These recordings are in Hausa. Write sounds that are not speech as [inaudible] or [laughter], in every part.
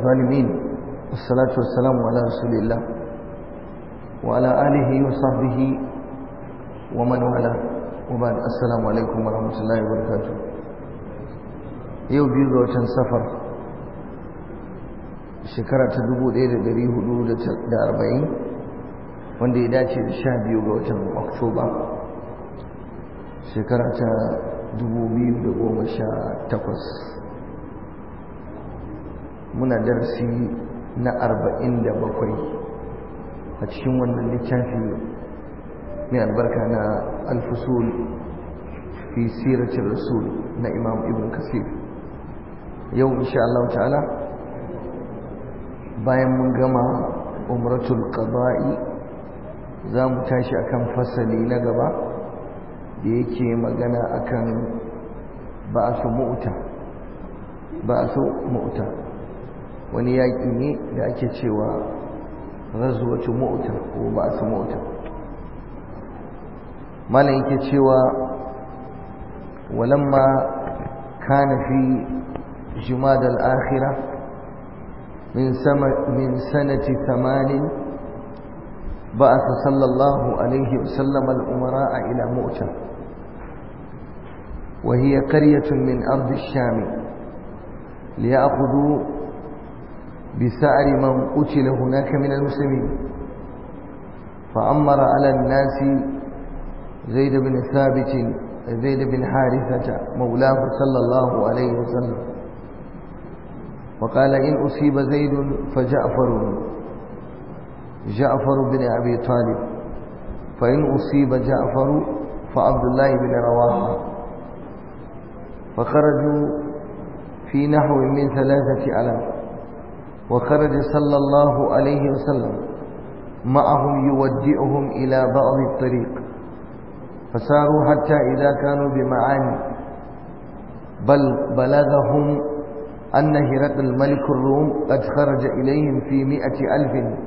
الظالمين والصلاة والسلام على رسول الله وعلى آله وصحبه ومن والاه وبعد السلام عليكم ورحمة الله وبركاته yau biyu ga watan safar shekara ta 1440 wanda ya dace da sha biyu ga watan oktoba shekara ta 2018 muna darsi na arba'in da bakwai a cikin wannan littafi mai albarka na alfusul fi siratin rasul na imam ibn kasir yau insha Allah ta'ala bayan mun gama umratul qada'i za mu tashi akan fasali na gaba da yake magana akan ba'su mu'ta ba'su mu'ta wani yaƙi ne da ake cewa razuwatu mota ko ba su mota malam yake cewa walamma kana fi jumada al-akhirah min sama min sanati 80 بعث صلى الله عليه وسلم الأمراء إلى مؤتة وهي قرية من أرض الشام ليأخذوا بسعر من قتل هناك من المسلمين فأمر على الناس زيد بن ثابت زيد بن حارثة مولاه صلى الله عليه وسلم وقال إن أصيب زيد فجعفر جعفر بن أبي طالب فإن أصيب جعفر فعبد الله بن رواحة فخرجوا في نحو من ثلاثة ألاف وخرج صلى الله عليه وسلم معهم يودئهم إلى بعض الطريق فساروا حتى إذا كانوا بمعاني بل بلغهم أن هرقل ملك الروم قد خرج إليهم في مئة ألف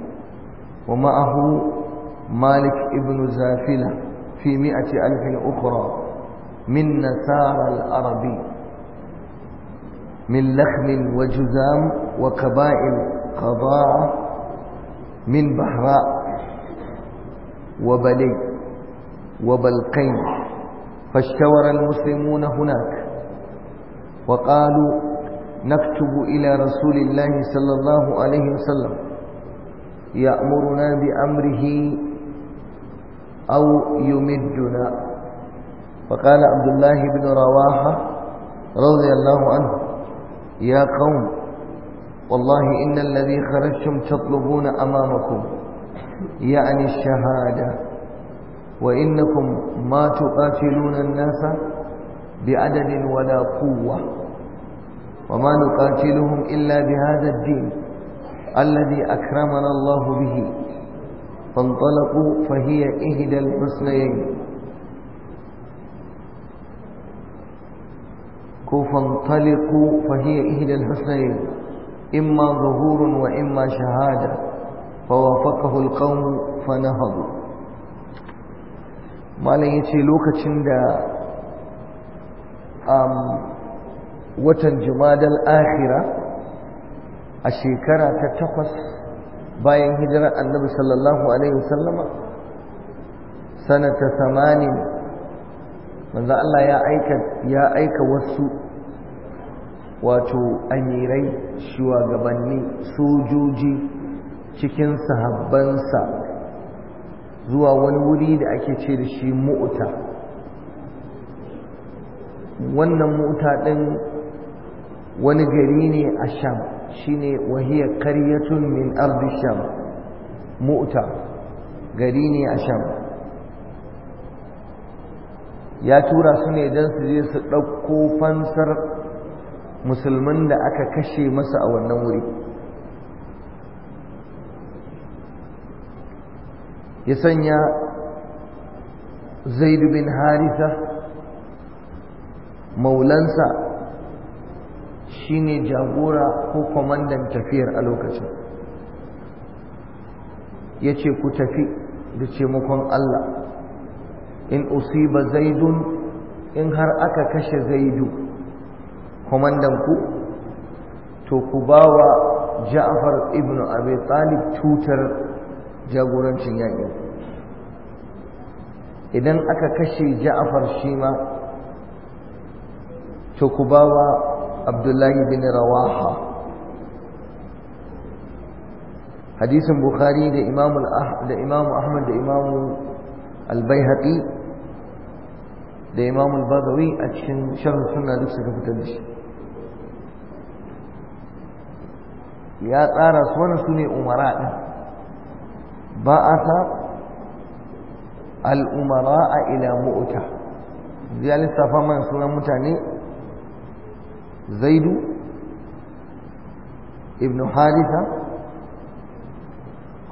ومعه مالك ابن زافلة في مئة ألف أخرى من نسار العربي من لخم وجزام وكبائل قضاء من بحراء وبلي وبلقين فاشتور المسلمون هناك وقالوا نكتب إلى رسول الله صلى الله عليه وسلم يأمرنا بأمره أو يمدنا فقال عبد الله بن رواحة رضي الله عنه يا قوم والله إن الذي خرجتم تطلبون أمامكم يعني الشهادة وإنكم ما تقاتلون الناس بعدد ولا قوة وما نقاتلهم إلا بهذا الدين الذي أكرمنا الله به فانطلقوا فهي إهدى الحسنيين فانطلقوا فهي إهدى الحسنيين إما ظهور وإما شهادة فوافقه القوم فنهضوا ما لن يتي لوكا تندى watan jumadal akhira a shekara ta takwas bayan hijirar annabi sallallahu alaihi wasallama sanata samanin manzo Allah ya aika wasu wato amirai shugabanni sojoji cikin sahabbansa zuwa wani wuri da ake ce da shi mu'uta wannan mu'uta ɗin wani gari ne a sham shine wahiyar karyatun min ardi sham mu'uta gari ne a sham ya tura su ne don su je su ɗauko fansar musulman da aka kashe masa a wannan wuri ya sanya zaidu bin haritha maulansa shine jagora ko kwamandan tafiyar a lokacin ya ce ku tafi da taimakon Allah in usiba zaidun in har aka kashe zaidu kwamandan ku to ku ba wa Ja'afar ibn abi talib tutar jagorancin yaƙi, idan aka kashe Ja'afar shi ma to ku ba wa abdullahi bin rawaha hadisin bukhari da imamu ahmad da imamu al da imamu al-badawi a cikin sharh sunna duk suka fitar da shi ya tsara su ne umara a sa al-umara ila mu'ta ya lissafa man sunan mutane zaidu ibn harita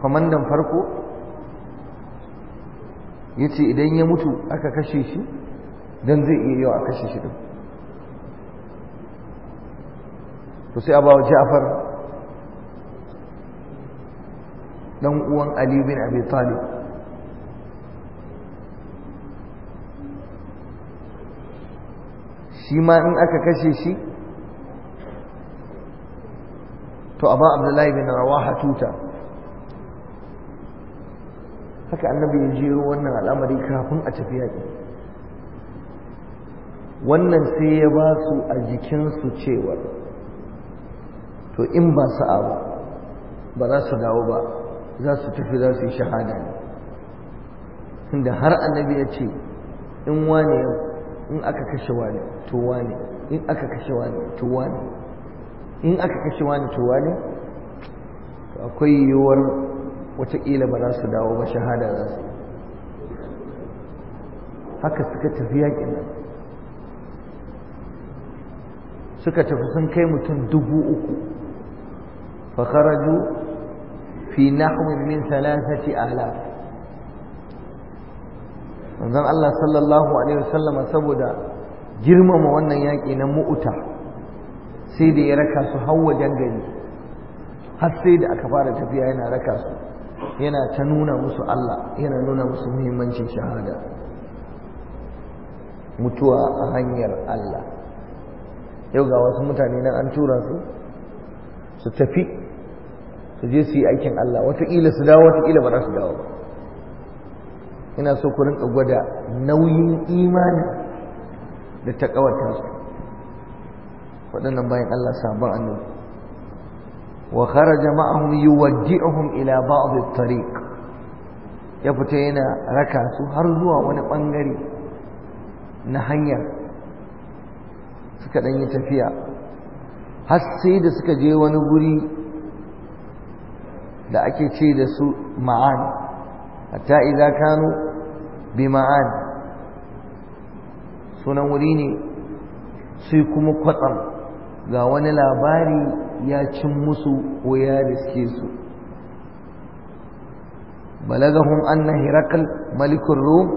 kwamandan farko ya ce idan ya mutu aka kashe shi don zai iya yau a kashe shi to sai a bawa ja'far dan uwan ali bin abi talib shi ma in aka kashe shi to abu abdullahi bin rawaha tuta haka annabi ya jero wannan al'amari kafin a tafi yaƙi wannan sai ya ba su a jikinsu cewa to in ba sa'a ba ba za su dawo ba za su tafi za su yi shahada ne tunda har annabi ya ce in wane in aka kashe wane to wane in aka kashe wane to wane in aka kashe wane to wane akwai yiwuwar watakila ba za su dawo ba shahada za su haka suka tafi yakin nan suka tafi sun kai mutum dubu uku fa kharaju. fi nahwin min thalathati alaf manzon Allah sallallahu alaihi wasallam saboda girmama wannan yaki na mu'uta sai da ya raka su har wajen gari har sai da aka fara tafiya yana raka su yana ta nuna musu Allah yana nuna musu muhimmancin shahada mutuwa a hanyar Allah yau ga wasu mutane nan an tura su su tafi su je su yi aikin Allah wataƙila su dawo wataƙila ba za su dawo ba ina so ku rinka gwada nauyin imani da su. waɗannan bayan Allah sabon annabi wa kharaja ma'ahum yuwaddi'uhum ila ba'd at-tariq ya fita yana raka su har zuwa wani bangare na hanya suka dan yi tafiya har sai da suka je wani guri da ake ce da su ma'an hatta idza kanu bi ma'an sunan wuri ne sai kuma kwatsam ga wani labari ya cin musu ko ya riske su balagahum anna hirakal malikur rum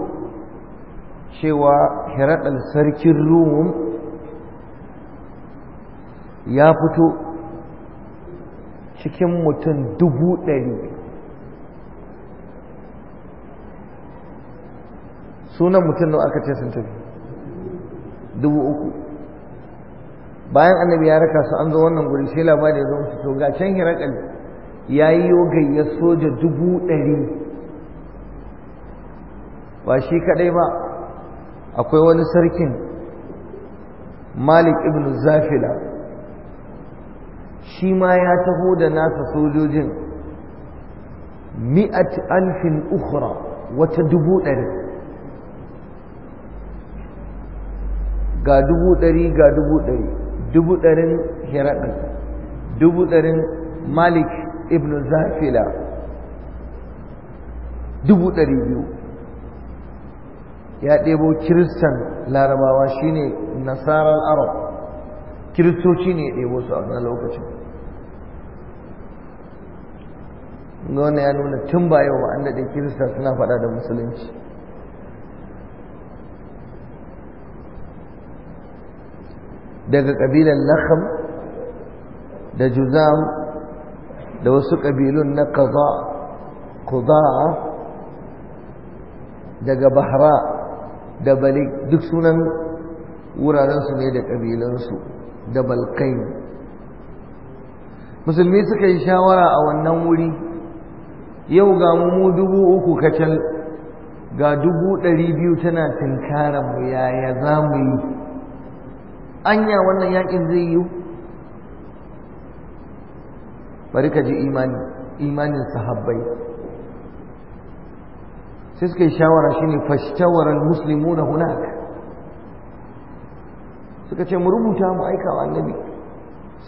cewa hirakal sarkin rum ya fito cikin mutum dubu ɗari sunan mutum da aka ce sun tafi dubu uku bayan annabi ya raka su an zo wannan guri sai labari ya zo musu to ga can hirakal ya yi yogai ya soja dubu ɗari ba shi kaɗai ba akwai wani sarkin malik ibn zafila shi ma ya taho da nasa sojojin mi'at alfin ukhra wata dubu ɗari ga dubu ɗari ga dubu ɗari dubu ɗarin hiraɗin dubu ɗarin malik ibn zafila dubu ɗari biyu ya ɗebo kiristan larabawa shine nasarar arab kiristoci ne ya ɗebo su a wannan lokacin wannan ya nuna tun ba yau ba an daɗe kirista suna faɗa da musulunci daga ƙabilan lakham da juzam da wasu ƙabilun na kaza kuza daga bahra da balik duk sunan wurarensu ne da ƙabilansu da balkai musulmi suka yi shawara a wannan wuri yau ga mu dubu uku kacal ga dubu ɗari biyu tana tinkara mu yaya za mu yi anya wannan yakin zai yi bari ka ji imani imanin sahabbai sai suka yi shawara shine fashtawaran muslimuna hunak suka ce mu rubuta mu aika wa annabi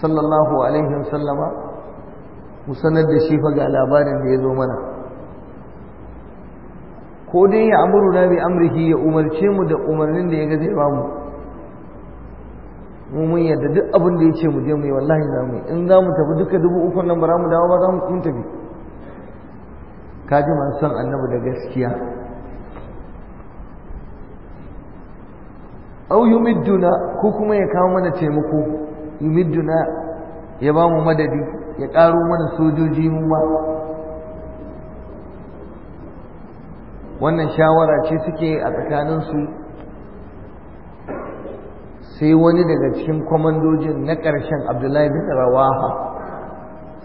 sallallahu alaihi wasallama mu sanar da shi fa ga labarin da ya zo mana ko dai ya amuru na bi amrihi ya umarce mu da umarnin da ya gaze ba mu mu mun yadda duk abin da ya ce mu je mu yi wallahi za mu yi in za mu tafi duka dubu uku nan ba za mu dawo ba za mu kun tafi ka ji masu son annabi da gaskiya au midduna ko kuma ya kawo mana taimako yi midduna ya ba mu madadi ya ƙaro mana sojoji mu ba wannan shawara ce suke a tsakanin su sai wani daga cikin kwamandojin na ƙarshen abdullahi bin rawaha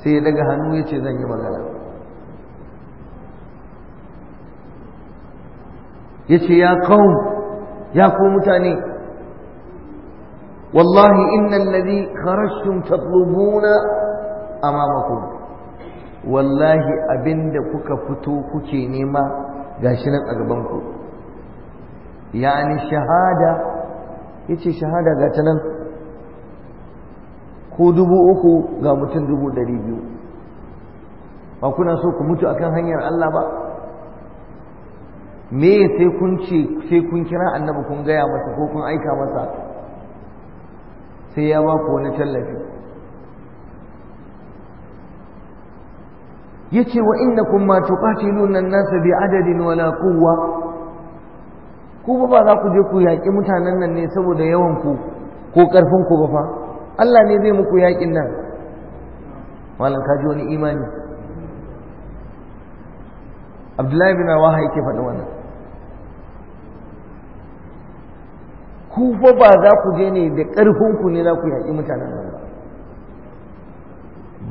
sai daga hannu ya ce zan yi magana ya ce ya kawo ya ko mutane wallahi inna alladhi kharashtum tatlubuna amamakum wallahi abinda kuka fito kuke nema gashi nan a gabanku yani shahada yace shahada ga ta ko dubu uku ga mutum dubu ɗari biyu ba kuna so ku mutu akan hanyar Allah ba me sai kun ce sai kun kira annabi kun gaya masa ko kun aika masa sai ya ba ku wani tallafi yace wa innakum ma tuqatiluna an-nasa bi adadin wala quwwa ku ba za ku je ku yaƙi mutanen nan ne saboda yawan ku ko karfin ku ba fa Allah ne zai muku yaƙin nan malam ka ji wani imani Abdullahi bin Awaha yake faɗi wannan ku fa ba za ku je ne da karfin ku ne za ku yaƙi mutanen nan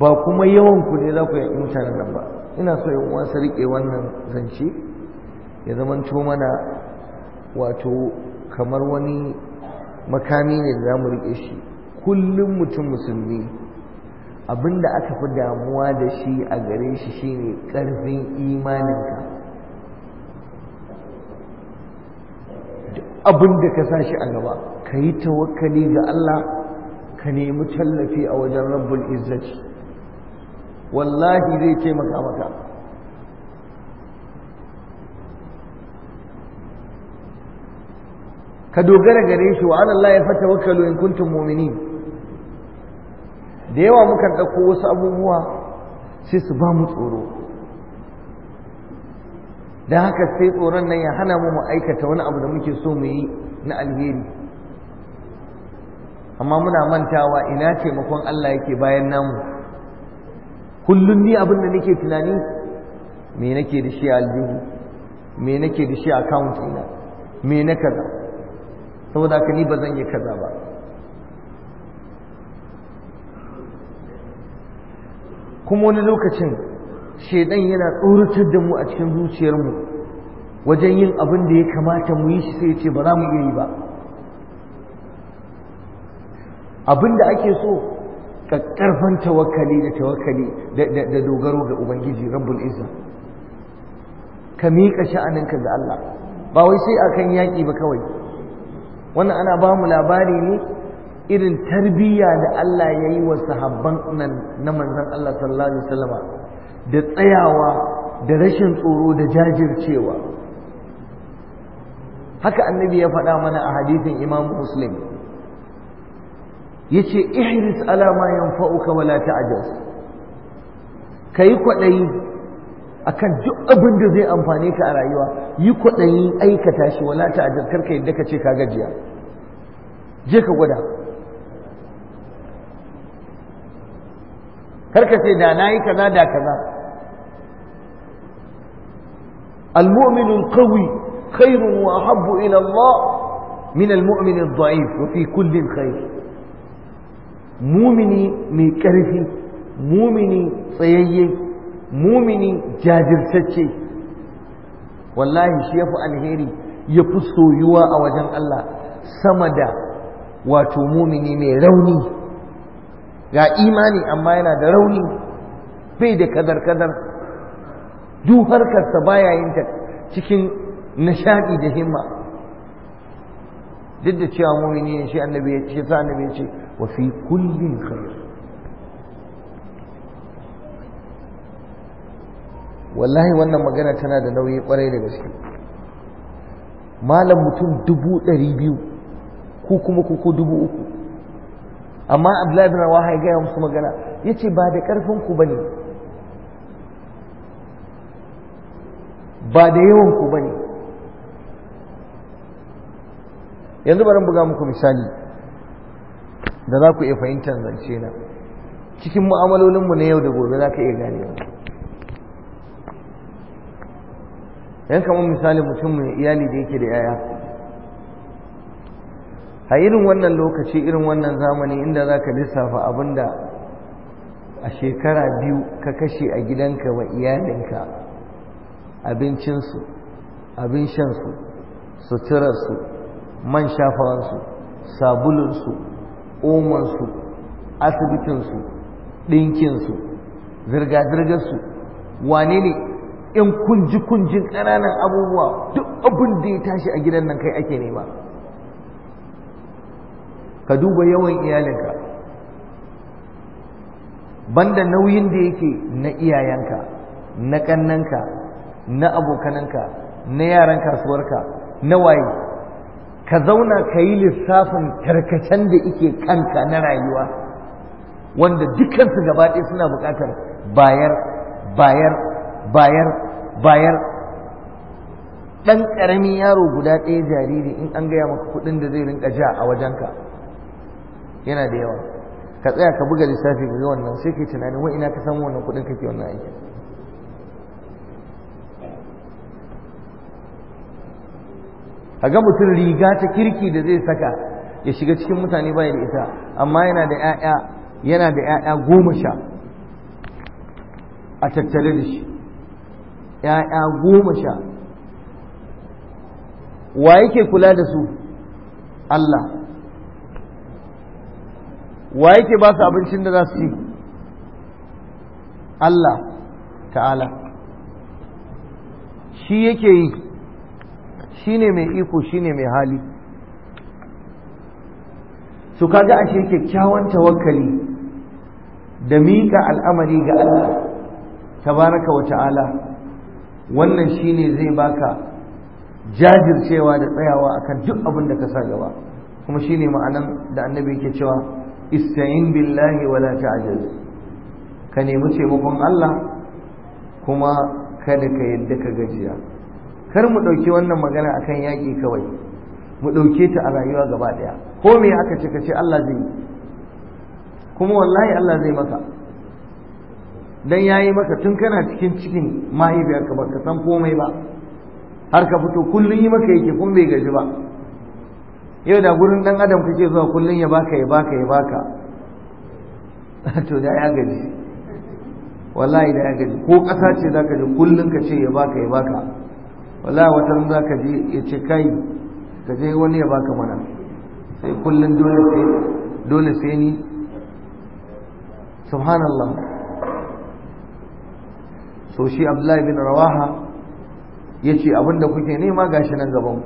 ba kuma yawan ku ne za ku yi mutanen nan ba ina so in uwa wannan zance ya zamanto mana wato kamar wani makami ne da za mu riƙe shi kullum mutum musulmi abinda aka fi damuwa da shi a gare shi shine ƙarfin imaninka da ka sa shi a gaba ka yi tawakkali ga Allah ka nemi tallafi a wajen rabbul izzati wallahi zai ce maka ka dogara gare shi wa Allah ya fata wakalu in kuntum mu'minin da yawa mukan dauko wasu abubuwa sai su ba mu tsoro dan haka sai tsoron nan ya hana mu mu aikata wani abu da muke so mu yi na alheri amma muna mantawa ina taimakon Allah yake bayan namu kullum ni abin da nake tunani me nake da shi aljihu me nake da shi account ina me na kaza saboda ka ni ba zan yi kaza ba kuma wani lokacin shedan yana tsoratar da mu a cikin zuciyarmu wajen yin abin da ya kamata mu yi shi sai ya ce ba za mu iya yi ba abin da ake so ƙarfan tawakkali da tawakkali da dogaro ga ubangiji rabbul izza ka miƙa sha'aninka ga Allah ba wai sai akan yaƙi ba kawai wannan ana ba mu labari ne irin tarbiyya da Allah ya yi wa sahabban nan na manzon Allah sallallahu alaihi wasallama da tsayawa da rashin tsoro da jajircewa haka annabi ya faɗa mana a hadisin imam muslim yace ihris ala ma yanfa'uka wala ta'jaz kai kwadayi akan duk abin da zai amfane ka a rayuwa yi kwadayi aikata shi wala ta'jaz karka yadda kace ka gajiya je ka gwada karka ce da nayi kaza da kaza المؤمن القوي خير واحب الى الله من المؤمن الضعيف وفي كل خير mumini mai ƙarfi mumini tsayayye mumini jajirtacce wallahi shi ya fi alheri ya fi soyuwa a wajen Allah sama da wato mumini mai rauni ga imani amma yana da rauni bai da kadar-kadar duk harkarsa baya yin ta cikin nishaɗi da himma duk da cewa mumini ne shi annabi ya ce sa annabi ya ce wa fi kullin khair wallahi wannan magana tana da nauyi kwarai da gaske malam mutum dubu ɗari biyu ko kuma ko dubu uku amma abdullahi bin rawaha ya gaya musu magana ya ce ba da ƙarfin ku ba ne ba da yawan ku ba ne yanzu bari buga muku misali da za ku iya fahimtar zance na cikin mu'amalolinmu na yau da gobe za ka iya ganewa yan kamar misali mutum mai iyali da yake da yaya a irin wannan lokaci irin wannan zamani inda za ka lissafa da a shekara biyu ka kashe a gidanka wa iyalinka abincinsu abin shansu suturarsu man shafawansu sabulunsu omansu asibitinsu ɗinkinsu zirga-zirgarsu wane ne in kunji-kunjin ƙananan abubuwa duk abin da ya tashi a gidan nan kai ake nema ka duba yawan iyalinka banda nauyin da yake na iyayenka na ƙannanka na abokananka na yaran kasuwarka na waye ka zauna ka yi lissafin tarkacen da ike kanka na rayuwa wanda dukansu gaba ɗaya suna buƙatar bayar bayar bayar bayar ɗan ƙaramin yaro guda ɗaya jariri in an gaya maka kuɗin da zai rinka ja a wajenka yana da yawa ka tsaya ka buga lissafi ga wannan sai ke tunanin wa ina ka samu wannan kuɗin kake wannan aikin kaga mutum riga ta kirki da zai saka ya shiga cikin mutane bai da ita amma yana da ƴaƴa yana da ‘ya’ya goma sha a tattare da shi ƴaƴa goma sha wa yake kula da su Allah wa yake ba su abincin da za su ci Allah ta'ala shi yake yi Shi ne mai iko shi ne mai hali su kaga ashe kyakkyawan tawakkali da miƙa al'amari ga Allah tabaraka wa ta'ala wannan shi ne zai baka jajircewa da tsayawa akan duk abin da ka sa gaba kuma shi ne ma'anan da annabi yake cewa ista'in billahi wala ta'jaz ka nemi taimakon Allah kuma kada ka yadda ka gajiya kar mu ɗauki wannan magana akan yaƙi kawai mu ɗauke ta a rayuwa gaba ɗaya ko me aka ce ka ce Allah zai yi kuma wallahi Allah zai maka dan yayi maka tun kana cikin cikin mahaifiyarka baka san komai ba har ka fito kullun yi maka yake kun bai gaji ba yau da gurin dan adam kake zuwa kullun ya baka ya baka ya baka [laughs] to da ya gaji wallahi da ya gaji ko ƙasa ce zaka ji kullun ka ce ya baka ya baka wala wata za ka je ya ce kai ka je wani ya baka mana sai kullum dole sai ni subhanallah so shi abdullahi bin rawaha ya ce abinda kuke nema gashi nan gaban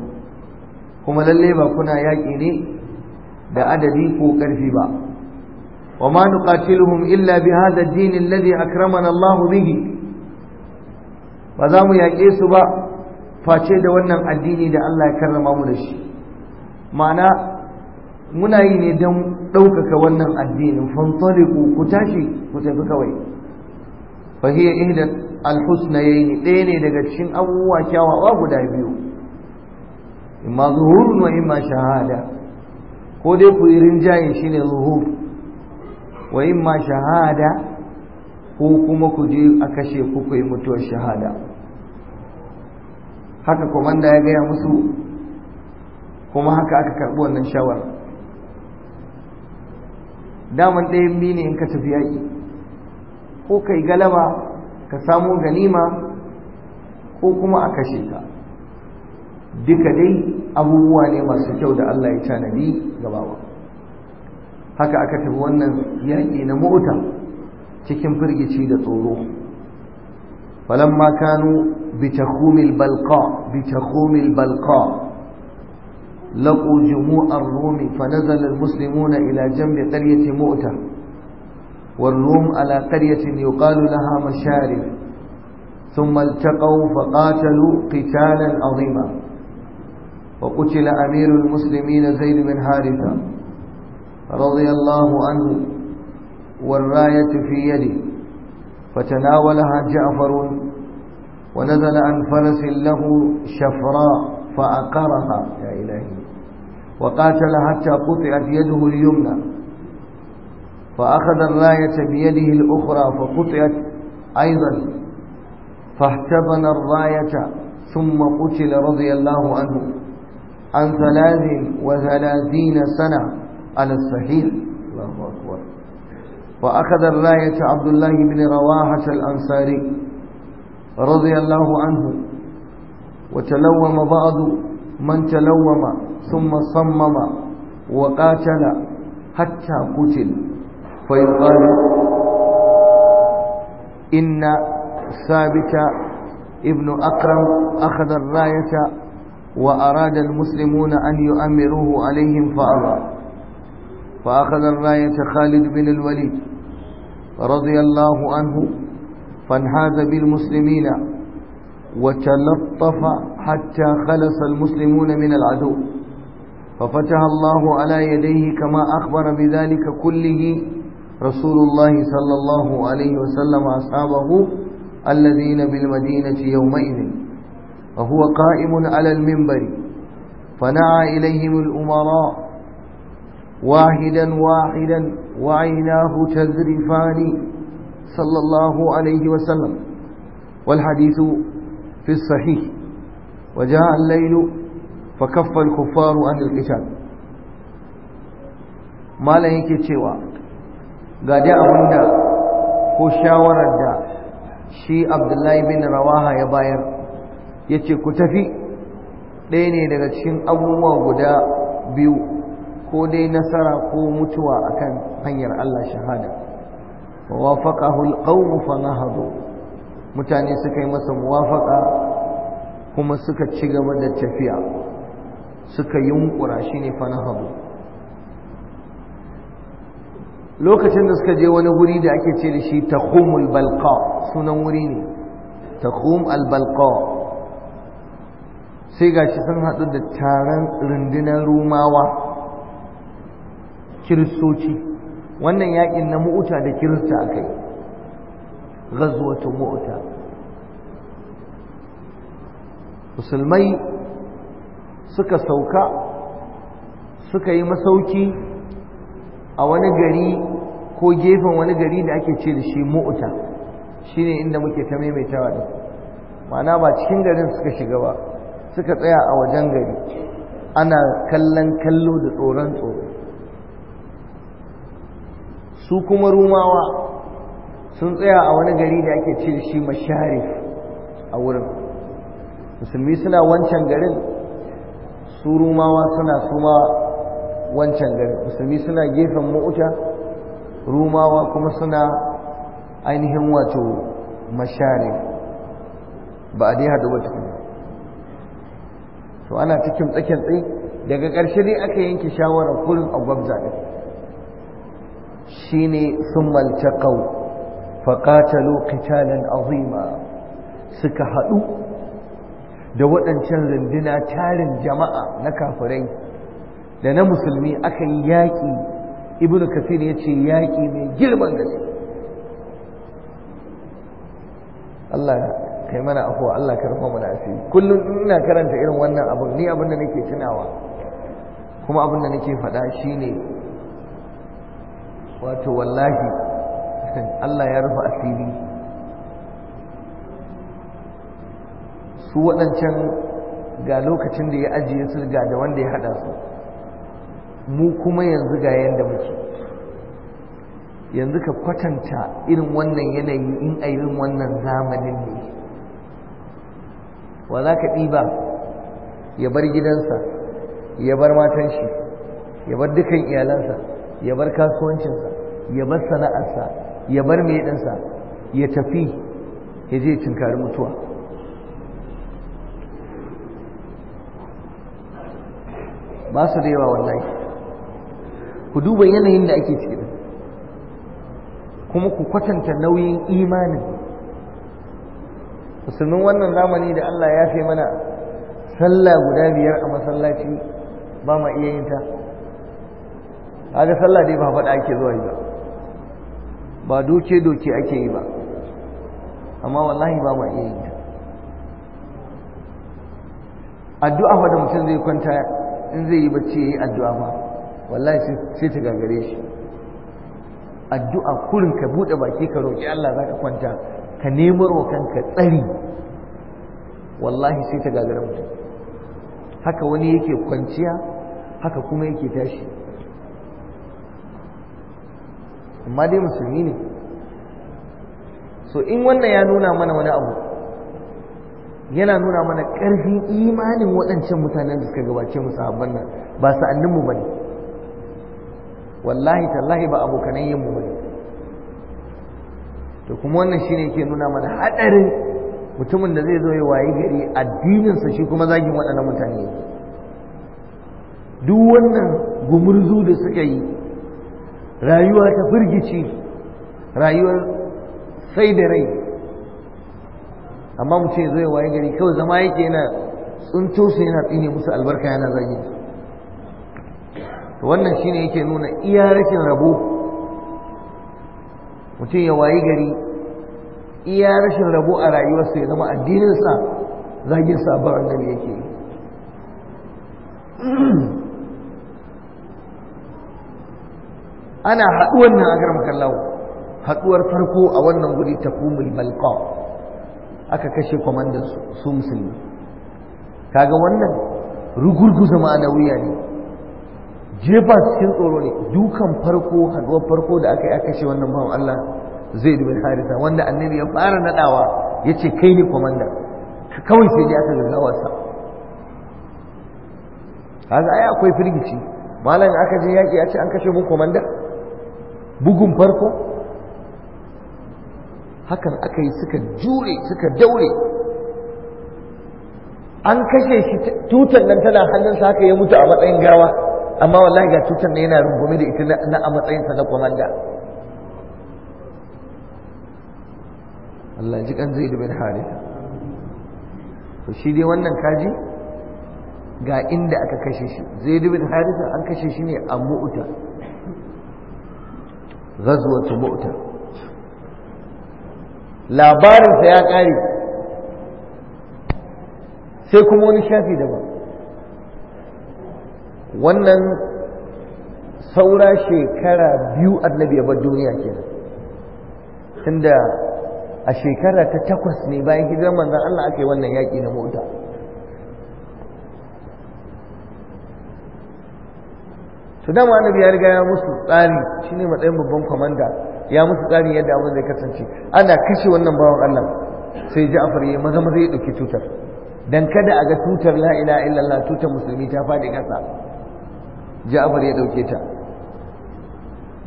kuma lalle ba kuna yaƙi ne da adadi ko ƙarfi ba wa ma nuqatiluhum illa bi hadha jinin din a akramana Allah bihi ba za mu yaƙe su ba face da wannan addini da Allah ya karrama mu da shi ma'ana muna yi ne don ɗaukaka wannan addinin fantaliku ku tashi ku tafi kawai fa hiya ihda yayi ɗaya ne daga cikin abubuwa kyawawa guda biyu imma zuhur wa imma shahada ko dai ku yi rinjaye shine zuhur wa imma shahada ko kuma ku je a kashe ku ku yi mutuwar shahada haka komanda ya gaya musu kuma haka aka karɓi wannan shawar daman ɗayan biyu ne in ka tafi yaƙi ko kai galaba ka samo ganima ko kuma a kashe ka duka dai abubuwa ne masu kyau da Allah ya canadi gabawa haka aka tafi wannan yaƙi na mota cikin firgici da tsoro فلما كانوا بتخوم البلقاء بتخوم البلقاء لقوا جموع الروم فنزل المسلمون إلى جنب قرية مؤتة والروم على قرية يقال لها مشارف ثم التقوا فقاتلوا قتالا عظيما وقتل أمير المسلمين زيد بن حارثة رضي الله عنه والراية في يده فتناولها جعفر ونزل عن فرس له شفراء فأقرها يا إلهي وقاتل حتى قطعت يده اليمنى فأخذ الراية بيده الأخرى فقطعت أيضا فاحتبن الراية ثم قتل رضي الله عنه عن ثلاث وثلاثين سنة على الصحيح الله أكبر وأخذ الراية عبد الله بن رواحة الأنصاري رضي الله عنه وتلوم بعض من تلوم ثم صمم وقاتل حتى قتل فيقال إن ثابت ابن أكرم أخذ الراية وأراد المسلمون أن يؤمروه عليهم فأبى فأخذ الراية خالد بن الوليد رضي الله عنه فانحاز بالمسلمين وتلطف حتى خلص المسلمون من العدو ففتح الله على يديه كما أخبر بذلك كله رسول الله صلى الله عليه وسلم أصحابه الذين بالمدينة يومئذ وهو قائم على المنبر فنعى إليهم الأمراء واحدا واحدا وعيناه تذرفان صلى الله عليه وسلم والحديث في الصحيح وجاء الليل فكف الكفار عن القتال ما لا yake cewa ga abinda ko shawarar da shi Abdullahi bin Rawaha ya bayar yace ku tafi ɗaya ne daga cikin abubuwa guda biyu ko dai nasara ko mutuwa akan hanyar Allah shahada wa wafaqahu alqawm fa nahadu mutane suka yi masa muwafaqa kuma suka ci gaba da tafiya suka yunkura shine fa nahadu lokacin da suka je wani guri da ake ce da shi taqumul balqa sunan wuri ne taqum al balqa sai gashi sun hadu da taron rundunar rumawa kiristoci wannan yakin na mu'uta da kirista a kai ghazwatu mu'uta musulmai suka sauka suka yi masauki a wani gari ko gefen wani gari da ake ce da shi mu'uta shine inda muke ta maimaitawa da ma'ana ba cikin garin suka shiga ba suka tsaya a wajen gari ana kallon kallo da tsoron tsoro su kuma rumawa sun tsaya a wani gari da ake ce shi mashari a wurin musulmi suna wancan garin su rumawa suna suma wancan garin musulmi suna gefen ma'uta rumawa kuma suna ainihin wato mashari ba a dai hada wata So ana cikin tsakiyar tsaye daga ƙarshe dai aka yanke shawarar kurin a gwabza ɗin shine thumma iltaqaw faqatalu qitalan azima suka haɗu da waɗancan runduna tarin jama'a na kafirai da na musulmi aka yi yaƙi ibn kasir ya ce yaƙi mai girman gaske Allah kai mana afuwa Allah ka rufa mana kullum ina karanta irin wannan abu, ni abin da nake tunawa kuma abin da nake faɗa shine wato wallahi Allah ya rufe asiri su waɗancan ga lokacin da ya ajiye su ga da wanda ya haɗa su mu kuma yanzu ga yanda muke yanzu ka kwatanta irin wannan yanayi in a irin wannan zamanin ne wa za ka ɗiba ya bar gidansa ya bar matan shi ya bar dukan iyalansa ya bar kasuwancinsa ya bar sana'arsa ya bar mai ya tafi ya je cinkari mutuwa ba su da yawa wallahi ku duba yanayin da ake ciki kuma ku kwatanta nauyin imanin musulmin wannan zamani da Allah ya fi mana sallah guda biyar a masallaci ba ma iya yin ta kaga sallah dai ba faɗa ake zuwa yi ba ba doke doke ake yi ba amma wallahi ba ma iya yi addu'a fa da mutum zai kwanta in zai yi bacci yayi addu'a fa wallahi sai ta gagare shi addu'a kurin ka bude baki ka roki Allah zaka kwanta ka nemar wa kanka tsari wallahi sai ta gagare mutum haka wani yake kwanciya haka kuma yake tashi amma dai musulmi ne so in wannan ya nuna mana wani abu yana nuna mana ƙarfin imanin waɗancan mutanen da suka gabace mu sahabban nan ba sa'annin mu bane wallahi tallahi ba abokanan yin mu bane to kuma wannan shi ne ke nuna mana haɗarin mutumin da zai zo ya wayi gari addininsa shi kuma zagin waɗannan mutane duk wannan gumurzu da suka yi rayuwa ta firgici rayuwar sai da rai amma mu ce zai waye gari kawai zama yake yana tsunto su yana tsine musu albarka yana zagi wannan shine yake nuna iya rashin rabo mutum ya waye gari iya rashin rabo a rayuwarsa ya zama addininsa zagin sabon gari yake ana haɗuwan nan a garin kallawo haɗuwar farko a wannan guri ta kumul balqa aka kashe kwamandan su musulmi kaga wannan rugurguza wuya ne jefa cikin tsoro ne dukan farko haɗuwar farko da aka yi aka kashe wannan bawan Allah zai dubin harisa wanda annabi ya fara nadawa ya ce kai ne kwamanda kawai sai dai aka gaggawarsa kaga ai akwai firgici malam aka je yaƙi a ce an kashe mun komanda bugun farko hakan aka yi suka jure suka daure an kashe shi tutan nan tana hannunsa haka ya mutu a matsayin gawa amma wallahi ga tutan nan yana rungume da ita na a matsayinsa na kwamanda Allah ji kan zai bin harita to shi dai wannan kaji ga inda aka kashe shi zai bin harita an kashe shi ne a mu'uta ghazwatu mu'ta labarinsa ya ƙare sai kuma wani shafi daban wannan saura shekara biyu a ya bar duniya kenan tunda a shekara ta takwas ne bayan hijirar manzon Allah aka yi wannan yaƙi na mota to dama annabi ya riga ya musu tsari shine matsayin babban kwamanda ya musu tsarin yadda abin zai kasance ana kashe wannan bawan Allah sai Ja'far ya maza maza ya dauki tutar dan kada a ga tutar la ilaha illallah tutar musulmi ta fadi kasa Ja'far ya dauke ta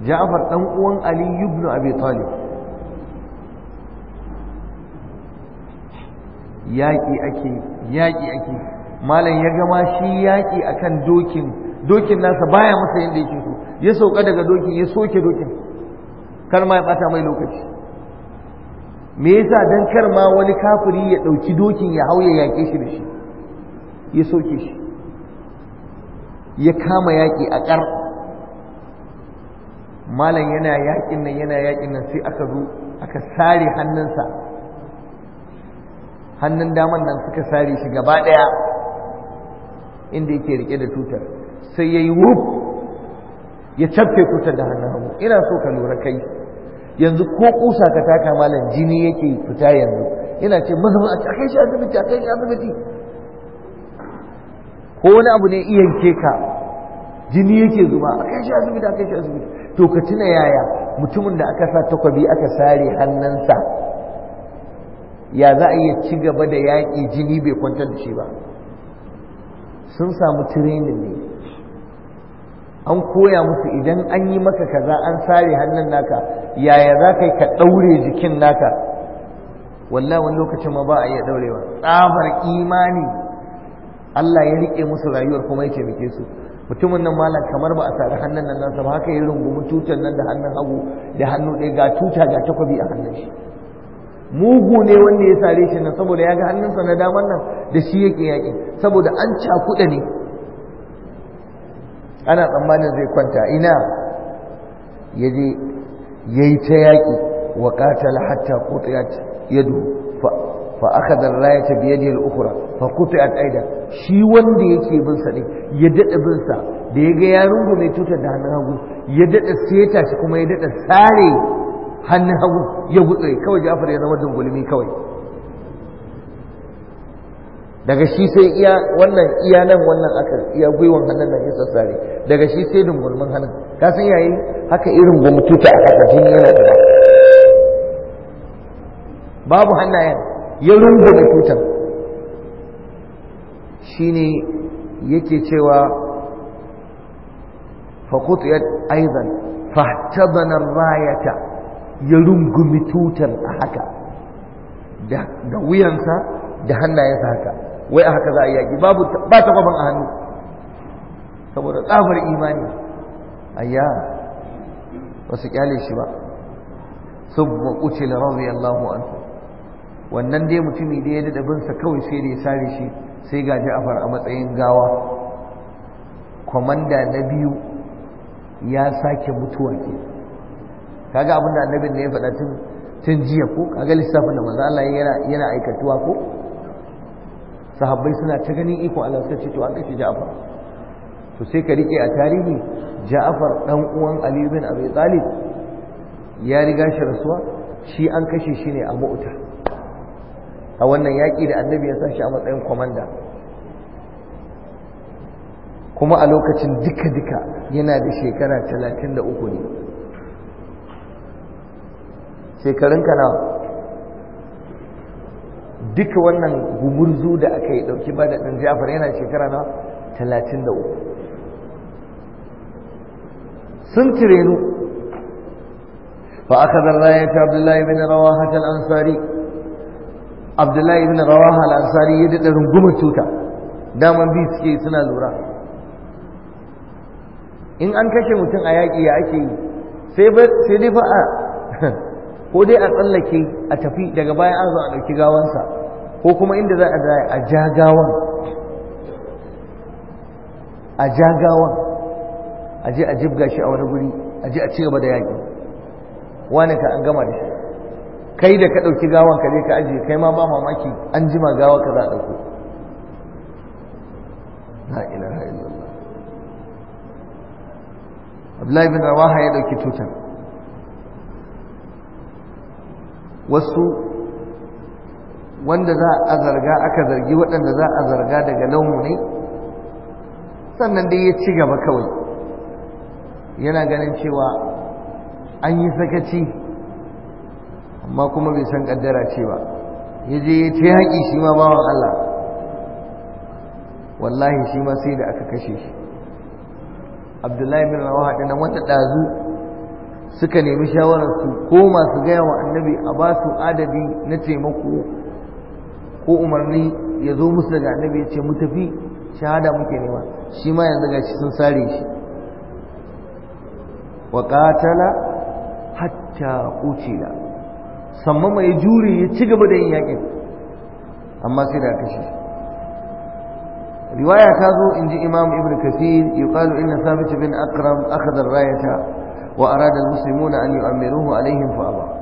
Ja'far dan uwan Ali ibn Abi Talib yaƙi ake yaƙi ake malam ya gama shi yaƙi akan dokin dokin nasa baya masa yin da yake so ya sauka daga dokin ya soke dokin kar ma ya bata mai lokaci me yasa dan kar ma wani kafiri ya dauki dokin ya hauye yake shi da shi ya soke shi ya kama yaki a kar malam yana yakin nan yana yakin nan sai aka zo aka sare hannunsa hannun daman nan suka sare shi gaba daya inda yake rike da tutar sai ya yi wuf ya cafke kusa da hannun hagu ina so ka lura kai yanzu ko kusa ka taka malam jini yake fita yanzu ina ce maza a kai shi asibiti a kai shi asibiti ko wani abu ne iyanke ka jini yake zuba a kai shi asibiti a kai shi asibiti to ka tuna yaya mutumin da aka sa takwabi aka sare hannunsa ya za a iya ci gaba da yaƙi jini bai kwantar da shi ba sun samu tirenin ne an koya musu idan an yi maka kaza an sare hannun naka yaya za ka yi ka ɗaure jikin naka wallahi wani lokacin ma ba a iya ɗaurewa tsabar imani Allah ya riƙe musu rayuwar kuma ya taimake su mutumin nan malam kamar ba a sare hannun nan nasa ba haka ya rungumi tutar nan da hannun hagu da hannu ɗaya ga tuta ga takobi a hannun shi mugu ne wanda ya sare shi nan saboda ya ga hannunsa na daman nan da shi yake yaƙi saboda an cakuɗa ne ana tsammanin zai kwanta ina ya je ya yi ta yaki wa ƙatala hatta ya yadu fa aka zarraya ta biye da al'ukura fa kutiyat aida shi wanda yake bin sa ne ya daɗa bin da ya ga ya rungume da hannun hagu ya daɗa seta shi kuma ya daɗa sare hannun hagu ya gutse kawai jafar ya zama dungulmi kawai daga shi sai iya wannan iya nan wannan aka iya gwiwon hannun nan ya sassare daga shi sai dungulmin hannun ka san yayi haka irin gwamnati a haka jini yana da babu hannayen ya rungume tutan ne yake cewa faqutiyat aidan fahtabana rayata ya rungumi tutan a haka da wuyansa da hannayensa haka wai a haka za a yaki babu ba ta a hannu saboda tsabar imani ayya ba su kyale shi ba subba qutila radiyallahu anhu wannan dai mutumi da ya dada binsa kawai sai da ya sare shi sai ga Ja'far a matsayin gawa Kwamanda na biyu ya sake mutuwa ke kaga abinda annabin ne ya faɗa tun jiya ko kaga lissafin da manzo Allah yana aikatuwa ko sahabbai suna ta ganin iko Allah sai ce to an kashe Ja'far to sai ka rike a tarihi Ja'far dan uwan Ali bin Abi Talib ya riga shi rasuwa shi an kashe shi ne a Mu'ta a wannan yaƙi da Annabi ya sa shi a matsayin komanda kuma a lokacin duka-duka yana da shekara 33 ne shekarun kana duka wannan gumurzu da aka yi dauki ba da ɗan jafar yana shekara na talatin da uku sun tirenu fa aka zarra ya ce abdullahi bin rawaha al-ansari abdullahi bin rawaha al-ansari ya daɗa rungumar cuta daman bi suke suna lura in an kashe mutum a yaƙi ya ake yi sai dai fa a [laughs] ko dai a tsallake a tafi daga bayan an zo a ɗauki gawansa ko kuma inda za a zaya a jagawan a jagawan a je a jibga shi a wani guri a je a ci gaba da yaƙi wani ka an gama da shi kai da ka ɗauki gawan ka je ka ajiye kai ma ba mamaki an jima gawa ka za a ɗauko la ilaha illallah Abdullahi bin Rawaha ya ɗauki tutan wasu wanda za a zarga aka zargi waɗanda za a zarga daga launi sannan dai ya ci gaba kawai yana ganin cewa an yi sakaci amma kuma bai san kaddara cewa ya je ya ce haƙi shi ma bawan Allah wallahi shi ma sai da aka kashe shi abdullahi bin rawaha ɗana wanda ɗazu suka nemi shawararsu ko masu gaya wa annabi a ba su adadi na taimako ko umarni ya zo musu daga annabi ya ce mu tafi shahada muke nema shima ma yanzu gashi sun sare shi wa qatala hatta qutila sannan mai jure ya ci gaba da yin yakin amma sai da kashe riwaya ta zo in ji imam ibnu kasir yuqalu inna thabit bin akram akhadha ar-rayata wa arada al-muslimuna an yu'ammiruhu alaihim fa aba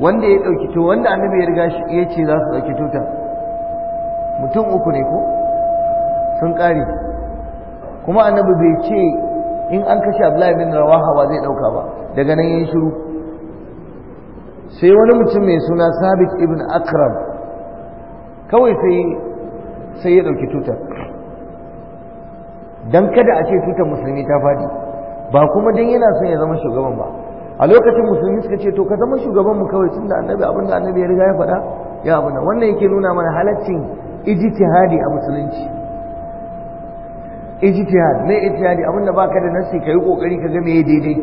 wanda ya dauki to wanda annabi ya riga shi ya ce za su dauki tuta, mutum uku ne ko sun kare kuma annabi bai ce in an kashe Abdullahi bin Rawaha wa zai dauka ba daga nan yin shiru sai wani mutum mai suna Sabit ibn Akram kawai sai sai ya dauki tutar dan kada a ce tutar musulmi ta fadi ba kuma dan yana son ya zama shugaban ba a lokacin musulmi suka ce to ka zama shugaban mu kawai tunda annabi abin da annabi ya riga ya faɗa ya abin wannan yake nuna mana halaccin ijtihadi a musulunci ijtihad mai ijtihadi abin da baka da nasi kai kokari ka ga me daidai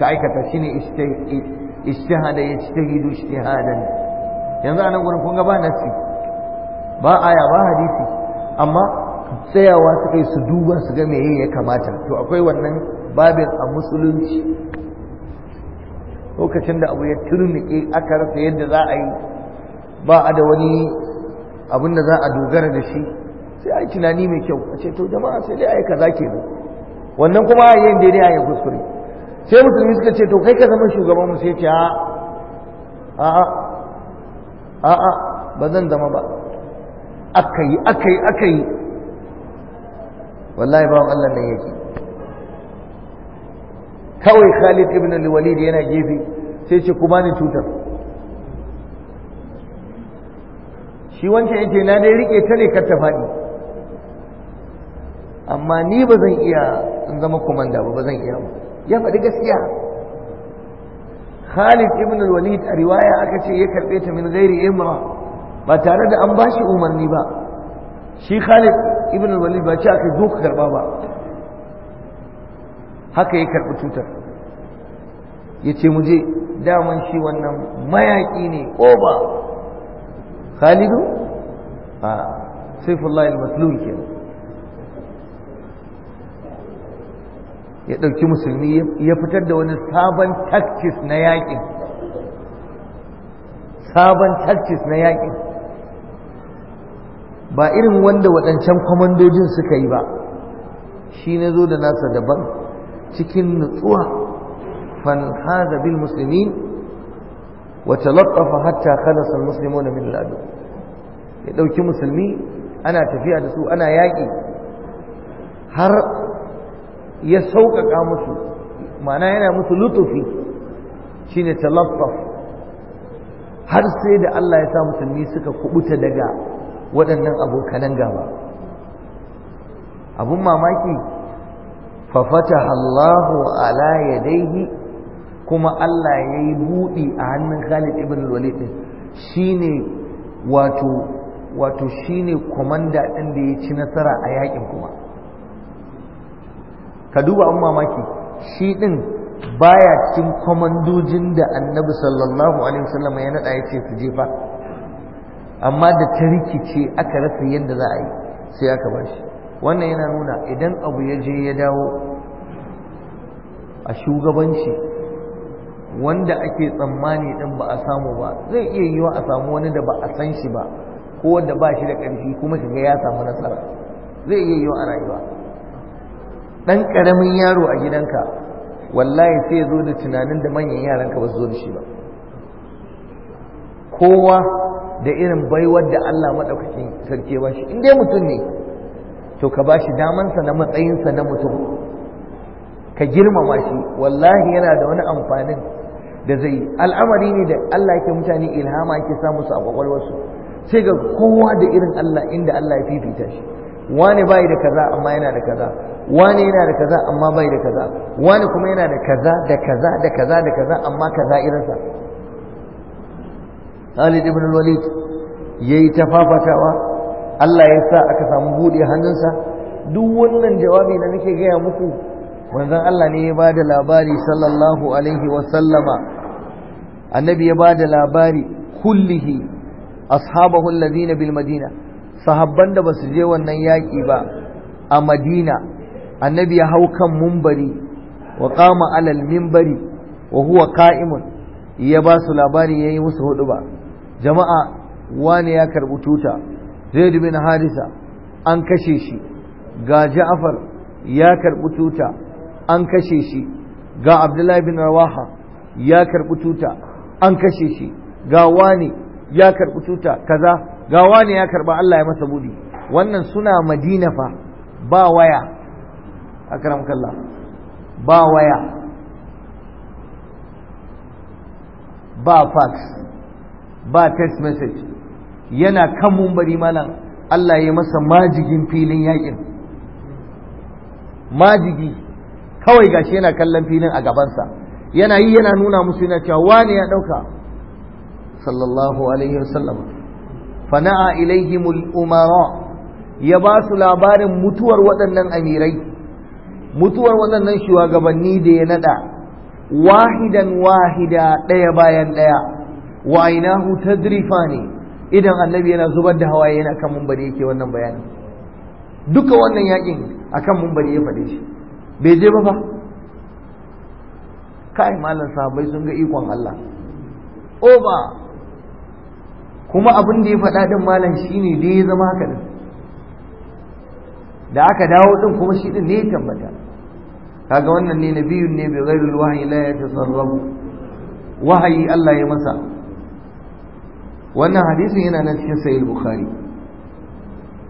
ka aikata shine ijtihada yajtahidu ijtihadan yanzu anan gurin kun ga ba nasi ba aya ba hadisi amma tsayawa suka yi su duba su ga me ya kamata to akwai wannan babin a musulunci lokacin da abu ya turnike aka rasa yadda za a yi ba a da wani abin da za a dogara da shi sai a yi tunani mai kyau a ce to jama'a sai dai a yi kaza ke wannan kuma a yi daidai a yi kuskure sai musulmi suka ce to kai ka zama shugaban mu sai ce a a a ba zan zama ba aka yi aka yi aka yi wallahi bawan Allah nan yake kawai Khalid ibn al-Walid yana gefe sai ce kuma ni tutar shi wancan yake na dai rike ta ne kar ta faɗi amma ni ba zan iya in zama komanda ba ba zan iya ba ya faɗi gaskiya Khalid ibn al-Walid a riwaya aka ce ya karbe ta min ghairi imra ba tare da an bashi umarni ba shi Khalid ibn al-Walid ba ce aka zo ka karba ba haka ya karɓi tutar ya ce mu je daman shi wannan mayaƙi ne ba khalidu a saifullahi al ke ya ɗauki musulmi ya fitar da wani sabon taktis na yaƙin sabon taktis na yaƙin ba irin wanda waɗancan kwamandojin suka yi ba shi na zo da nasa daban cikin nutsuwa fanhaza bil muslimin wa talaffa hatta khalasa al muslimuna min al ya dauki musulmi ana tafiya da su ana yaƙi har ya sauƙaƙa musu ma'ana yana musu lutufi shine talaffaf har sai da Allah ya sa musulmi suka kubuta daga waɗannan abokanan gaba abun mamaki fa fataha Allahu ala yadayhi kuma Allah yayi budi a hannun Khalid ibn Walid shine wato wato shine kwamanda ɗin da ya ci nasara a yakin kuma ka duba an mamaki shi ɗin baya cikin komandojin da annabi sallallahu alaihi wasallam ya naɗa ya ce su jefa amma da ta rikice aka rasa yadda za a yi sai aka bashi. wannan yana nuna idan abu ya je ya dawo a shugabanci wanda ake tsammani din ba a samu ba zai iya yi wa a samu wani da ba a san shi ba ko wanda ba shi da ƙarfi kuma shiga ya samu nasara zai iya yi wa a rayuwa dan ƙaramin yaro a gidanka wallahi sai zo da tunanin da manyan yaranka ba su zo da shi ba kowa da irin baiwar da Allah maɗaukakin sarki ba shi in dai mutum ne to ka bashi damansa na matsayinsa na mutum ka girmama shi wallahi yana da wani amfanin da zai al'amari ne da Allah yake mutane ilhama yake samu su a kwakwalwarsu sai ga kowa da irin Allah inda Allah ya fifita shi wani bai da kaza amma yana da kaza wani yana da kaza amma bai da kaza wani kuma yana da kaza da kaza da kaza da kaza amma kaza irinsa Khalid ibn Walid yayi ta fafatawa Allah ya sa aka samu buɗe hannunsa duk wannan jawabi da nake gaya muku manzon Allah ne ya ba da labari sallallahu alaihi wa sallama annabi ya ba da labari kullihi ashabahu alladhina bil madina sahabban da basu je wannan yaki ba a madina annabi ya hau kan mumbari wa qama alal minbari wa huwa qa'imun ya ba su labari yayi musu huɗu ba jama'a wani ya karbi tuta dubi na harisa an kashe shi ga Ja'afar ya karɓi tuta an kashe shi ga abdullahi bin rawaha ya karɓi tuta an kashe shi ga wani ya karɓi tuta kaza ga wani ya karɓi Allah ya masa budi wannan suna madina fa ba waya akram kallah ba waya ba fax ba text message yana kan mumbari mana. Allah ya masa majigin filin yakin majigi kawai gashi yana kallon filin a gabansa yana yi yana nuna musu yana cewa wane ya ɗauka? sallallahu alaihi wasallam fana'a ilaihimul umara ya ba su labarin mutuwar waɗannan amirai mutuwar waɗannan shugabanni da ya nada wahidan wahida ɗaya bayan ɗaya wa ainahu tadrifa ne idan annabi yana zubar da hawaye yana kan mumbari yake wannan bayani duka wannan yakin akan mumbari ya faɗe shi bai je ba fa kai malam sahabbai sun ga ikon Allah oba kuma abin da ya faɗa din malam shine da ya zama haka din da aka dawo din kuma shi din ne ya tabbata kaga wannan ne nabiyun ne bi ghairi wahyi la yatasarrafu wahayi Allah ya masa wannan hadisin yana nan cikin sahih bukhari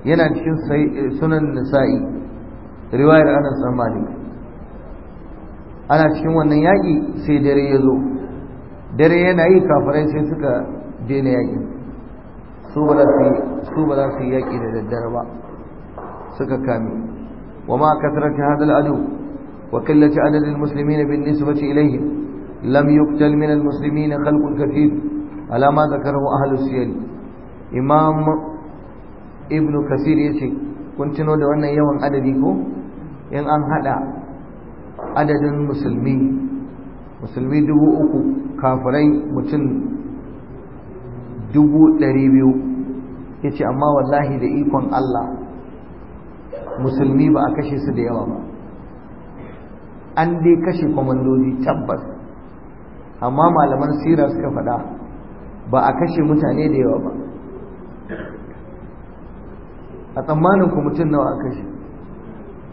yana cikin eh, sunan nisa'i riwayar anas bin malik ana cikin wannan yaƙi sai dare ya zo dare yana yi kafirai sai suka daina yaƙi su ba za su yi yaƙi da daddare ba suka kame wa ma kasarci hadal adu wa kallaci adadin musulmi na bin nisbati ilaihim lam yuktal min musulmi na khalqun kathir alama zakarahu ahlus siyar imam ibnu kasir yace kun tuno da wannan yawan adadi ko in an hada adadin musulmi musulmi dubu uku kafirai mutum dubu ɗari biyu yace amma wallahi da ikon Allah musulmi ba a kashe su da yawa ba an dai kashe kwamandoji tabbas amma malaman sira suka faɗa ba a kashe mutane da yawa ba a tsammanin ku mutum nawa a kashe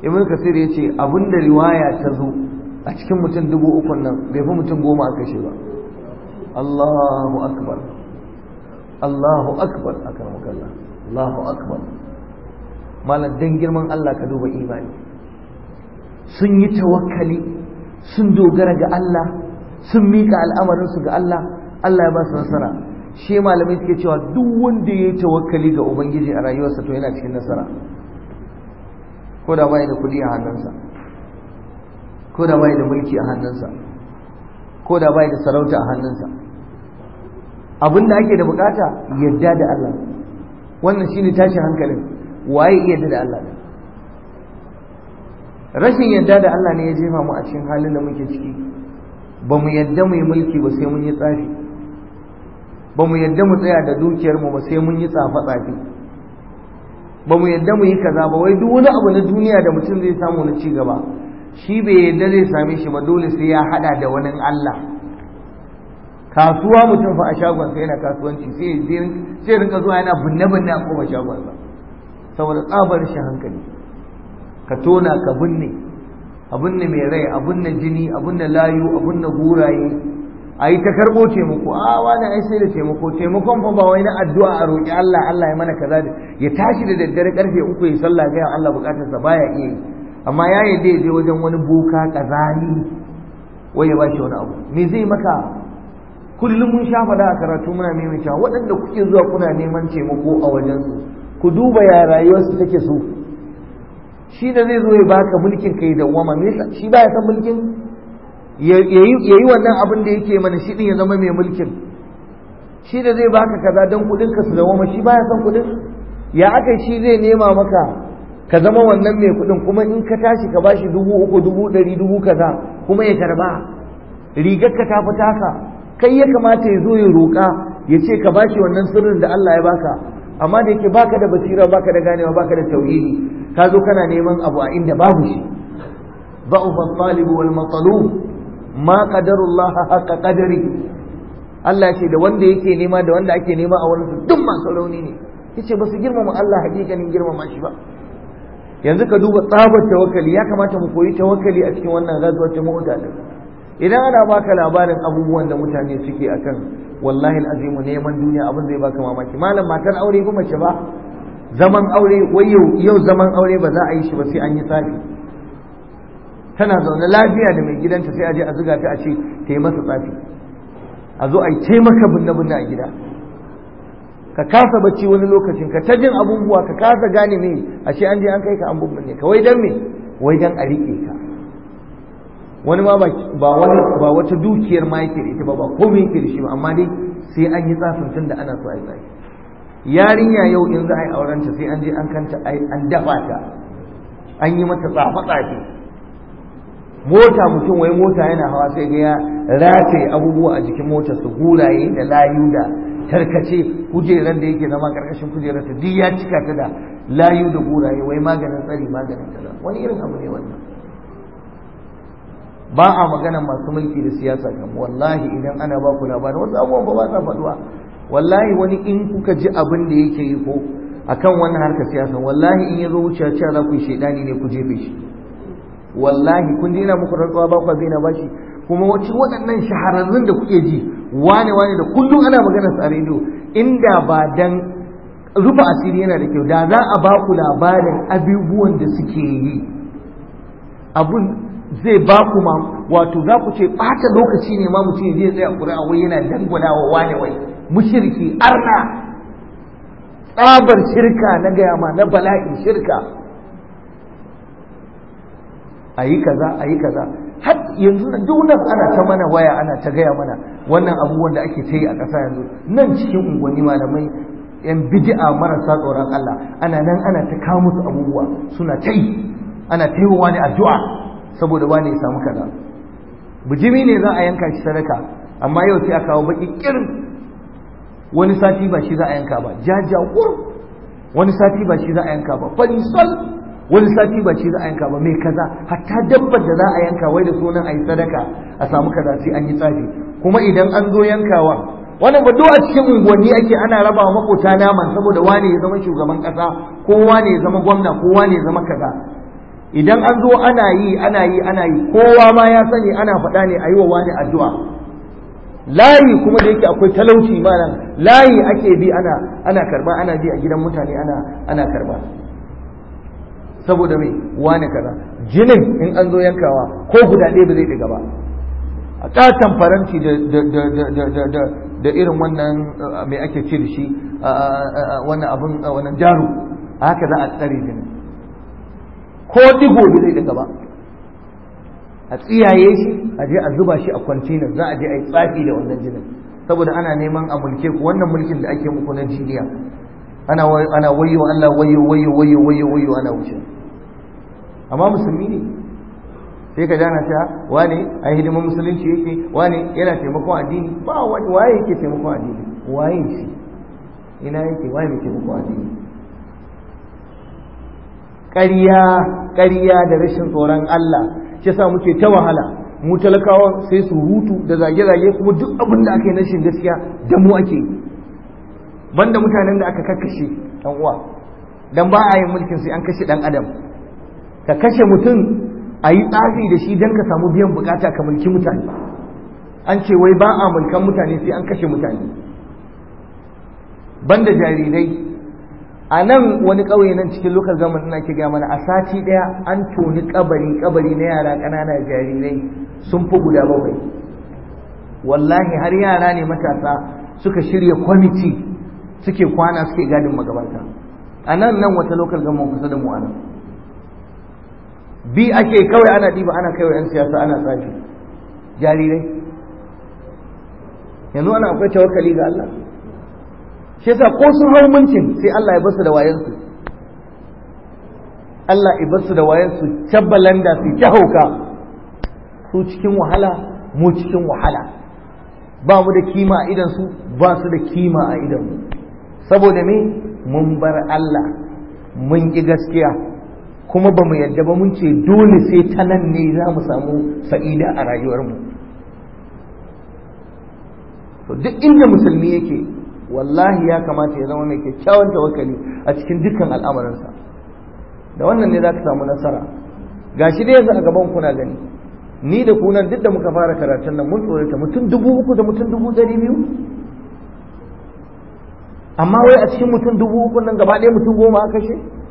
ibn kasir ya ce abinda riwaya ta zo a cikin mutum dubu ukun nan bai fi mutum goma a kashe ba Allahu akbar Allahu akbar akramakallah Allahu akbar malam girman Allah ka duba imani sun yi tawakkali sun dogara ga Allah sun mika al'amarinsu ga Allah Allah ya ba su nasara shi malamai suke cewa duk wanda ya yi tawakkali ga ubangiji a rayuwarsa to yana cikin nasara ko da bai da kuɗi a hannunsa ko da bai da mulki a hannunsa ko da bai da sarauta a hannunsa abin da ake da bukata yadda da Allah wannan shine tashi hankalin waye yadda da Allah rashin yadda da Allah ne ya jefa mu a cikin halin da muke ciki ba mu yadda mu yi mulki ba sai mun yi tsafi ba mu yadda mu tsaya da dukiyarmu ba sai mun yi tsafe-tsafe ba mu yadda mu yi kaza ba wai duk wani abu na duniya da mutum zai samu na ci gaba shi bai yadda zai same shi ba dole sai ya hada da wani Allah kasuwa mutum fa a shagonsa yana kasuwanci sai sai rinka zuwa yana binne-binne a koma shagonsa saboda tsabar shi hankali ka tona ka binne abin mai rai abin jini abin layu abin guraye ai ta karbo taimako a wani ai sai da taimako taimakon fa ba wai na addu'a a roƙi Allah Allah ya mana kaza ya tashi da daddare karfe uku ya sallah ga Allah bukatar sa baya iya yi amma ya yi ya je wajen wani boka kazani wai ya bashi wani abu me zai maka kullum mun sha fada a karatu muna cewa waɗanda kuke zuwa kuna neman taimako a wajen su ku duba ya rayuwarsu take so shi da zai zo ya baka mulkin kai dawwama me shi baya san mulkin ya yi wannan abin da yake mana shi ɗin ya zama mai mulkin shi da zai baka kaza don kudin ka su zama shi baya son kudin ya aka shi zai nema maka ka zama wannan mai kudin kuma in ka tashi ka bashi dubu uku dubu ɗari dubu kaza kuma ya karba rigar ka ta fi taka kai ya kamata ya zo ya roƙa ya ce ka bashi wannan sirrin da Allah ya baka amma da yake baka da basira baka da ganewa baka da tauhidi ka zo kana neman abu a inda babu shi ضعف الطالب والمطلوب ma qadarullah haqa qadari Allah ya ce da wanda yake nema da wanda ake nema a wurin duk masu rauni ne yace ba su girmama Allah hakikanin girmama shi ba yanzu ka duba tsabar tawakkali ya kamata mu koyi tawakkali a cikin wannan gazuwar ta mota idan ana baka labarin abubuwan da mutane suke akan wallahi alazimu neman duniya abin zai baka mamaki malam matar aure kuma ce ba zaman aure wai yau zaman aure ba za a yi shi ba sai an yi tsari tana zaune lafiya da mai gidanta sai a je a zuga ta a ce ta yi masa tsafi a zo a yi taimaka binne-binne a gida ka kasa bacci wani lokacin ka ta jin abubuwa ka kasa gane me a ce an je an kai ka an binne ka wai dan me wai dan a riƙe ka wani ma ba wata dukiyar ma yake da ita ba ba komai yake da shi ba amma dai sai an yi tsafin tun da ana so a yi tsafi yarinya yau in za a yi aurenta sai an je an kanta an dafa ta an yi mata tsafe-tsafe mota mutum wai mota yana hawa sai ga ya rataye abubuwa a jikin motar su guraye da layu da tarkace kujerar da yake zama karkashin kujerar ta duk ya cika ta da layu da guraye wai maganin tsari maganin kaza. wani irin abu ne wannan ba a magana masu mulki da siyasa kam wallahi idan ana ba ku labarin wasu abubuwan ba ba sa faduwa wallahi wani in kuka ji abin da yake yi ko akan wannan harkar siyasa wallahi in ya zo wuce cewa za ku yi shaidani ne ku jefe shi wallahi kun ji ina muku rantsuwa ba ku bashi kuma wace waɗannan shahararrun da kuke ji wane wane da kullum ana magana sa rediyo inda ba dan rufe asiri yana da kyau da za a ba ku labarin abubuwan da suke yi abun zai ba ku ma wato za ku ce bata lokaci ne ma mutum zai tsaya kura wai yana dangwala wa wane wai mushirki arna tsabar shirka na gaya ma na bala'i shirka a yi kaza a yi kaza har yanzu nan duk nan ana ta mana waya ana ta gaya mana wannan abubuwan da ake ta yi a ƙasa yanzu nan cikin unguwanni malamai yan bidi'a marasa tsoron Allah ana nan ana ta kawo musu abubuwa suna ta yi ana ta yi wani addu'a saboda wani ya samu kaza bijimi ne za a yanka shi sadaka amma yau sai a kawo baki kirin wani sati ba shi za a yanka ba jajawur wani sati ba shi za a yanka ba farisol wani sati ba ce za a yanka ba mai kaza hatta dabbar da za a yanka wai da sunan ayi sadaka a samu kaza sai an yi tsafi kuma idan an zo yankawa wannan ba duk a cikin unguwanni ake ana raba makota naman saboda wane ya zama shugaban kasa ko wane ya zama gwamna ko wane ya zama kaza idan an zo ana yi ana yi ana yi kowa ma ya sani ana faɗa ne a yi wa wani addu'a layi kuma da yake akwai talauci malam layi ake bi ana ana karba ana bi a gidan mutane ana ana karba saboda mai wani kaza jinin in an zo yankawa ko guda ɗaya ba zai ɗiga ba a ƙaton faranti da irin wannan uh, mai ake ce da shi uh, uh, wannan abin wannan jaru a haka za a tsare jinin ko digo ba zai ɗiga ba a tsiyaye shi a je a zuba shi a kwantinan za a je a yi tsafi da wannan jinin saboda ana neman a mulke ku wannan mulkin da ake muku na jiniya ana wayo Allah wayo wayo wayo wayo wayo ana wuce amma musulmi ne sai ka jana ta wane a hidimar musulunci yake wane yana taimakon addini ba wani waye yake taimakon addini waye shi ina yake waye mai taimakon addini ƙarya ƙarya da rashin tsoron Allah shi sa muke ta wahala mu talakawa sai su hutu da zage-zage kuma duk abin da aka yi rashin gaskiya da mu ake yi banda mutanen da aka kakkashe dan uwa dan ba a yin mulkin sai an kashe dan adam ka kashe mutum a yi tsafi da shi don ka samu biyan bukata ka mulki mutane an ce wai ba a mulkan mutane sai an kashe mutane banda jarirai a nan wani ƙauye nan cikin lokal zaman ina ke mana a sati ɗaya an toni kabari kabari na yara ƙanana jarirai sun fi guda bakwai wallahi har yara ne matasa suka shirya kwamiti suke kwana suke gadin magabata a nan nan wata lokal zaman kusa da mu bi ake kawai ana ɗiba ana kaiwa 'yan siyasa ana tsaki jarirai yanzu ana akwai tawakkali ga Allah shi yasa ko sun hau mincin sai Allah ya basu da wayansu Allah ya basu da wayansu cabbalanda su ta hauka su cikin wahala mu cikin wahala ba mu da kima a idan su ba su da kima a idan mu saboda me mun bar Allah mun ƙi gaskiya kuma ba mu yadda ba mun ce dole sai ta nan ne za mu samu sa'ida a rayuwarmu So duk inda musulmi yake wallahi ya kamata ya zama mai kyakkyawan tawakali a cikin dukkan al'amuransa da wannan ne za ka samu nasara Ga shi dai yanzu a gaban kuna gani ni da kunan duk da muka fara karatun nan mun tsorata mutum dubu uku da mutum dubu dari biyu amma wai a cikin mutum dubu uku nan gaba ɗaya mutum goma aka kashe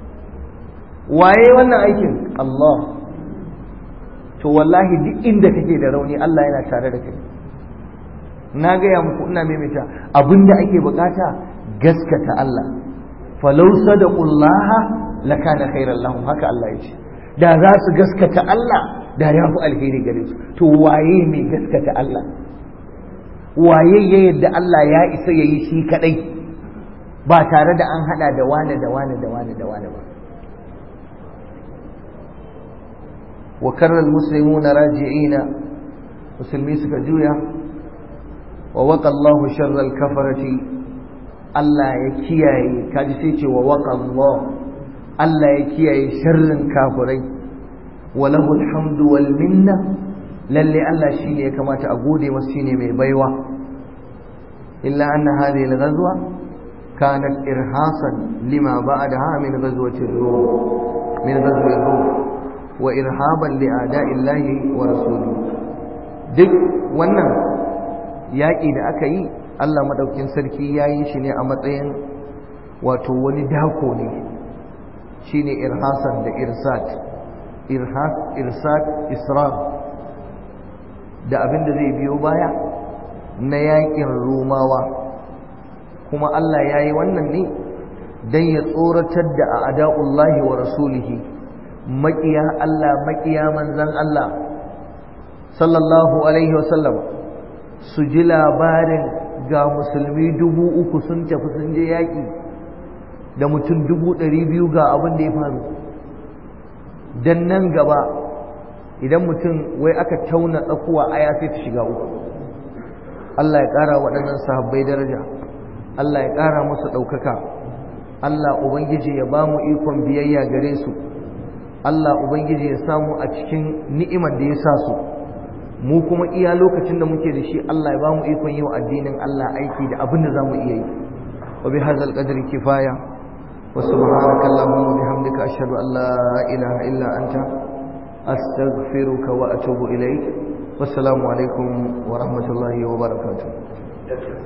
waye wannan aikin Allah to wallahi duk inda take da rauni Allah yana tare da kai na gaya muku ina maimaita abinda ake bukata gaskata Allah falau sadaqullaha lakana khairan lahum haka Allah ya ce da za su gaskata Allah da ya fi alheri gare su to waye mai gaskata Allah waye ya yadda Allah ya isa yayi shi kadai ba tare da an hada da wane da wane da wane da wane ba wa karral muslimuna raji'ina musulmi suka juya wa waqa Allahu sharral kafarati Allah ya kiyaye kaji sai ce wa waqa Allah Allah ya kiyaye sharrin kafirai wa lahu alhamdu wal minna lalle Allah shine ya kamata a gode masa shine mai baiwa illa anna hadhihi al-ghazwa kanat irhasan lima ba'daha min ghazwati ar-rum min ghazwati ar-rum wa irhaban li a'da'illahi wa rasuli duk wannan yaƙi da aka yi Allah madaukin sarki ya yi shi ne a matsayin wato wani dako ne shine irhasan da irsat irhas irsat da abin da zai biyo baya na yaƙin rumawa kuma Allah ya yi wannan ne don ya tsoratar da a ada'ullahi wa rasulihi maƙiya Allah maƙiya manzan Allah sallallahu alaihi wasallam su ji labarin ga musulmi dubu uku sun tafi sun je yaƙi da mutum dubu ɗari biyu ga abin da ya faru don nan gaba idan mutum wai aka tauna tsakuwa aya sai ta shiga uku Allah ya ƙara waɗannan sahabbai daraja Allah ya ƙara masa ɗaukaka Allah Ubangiji ya ba mu ikon biyayya gare su Allah ubangiji ya samu a cikin ni'imar da ya sa su mu kuma iya lokacin da muke da shi Allah ya ba mu ikon yi wa addinin Allah aiki da abin da za mu iya yi wa bi hadzal qadri kifaya wa subhanaka allahumma wa bihamdika ashhadu an la ilaha illa anta astaghfiruka wa atubu ilaik wassalamu alaikum wa rahmatullahi wa barakatuh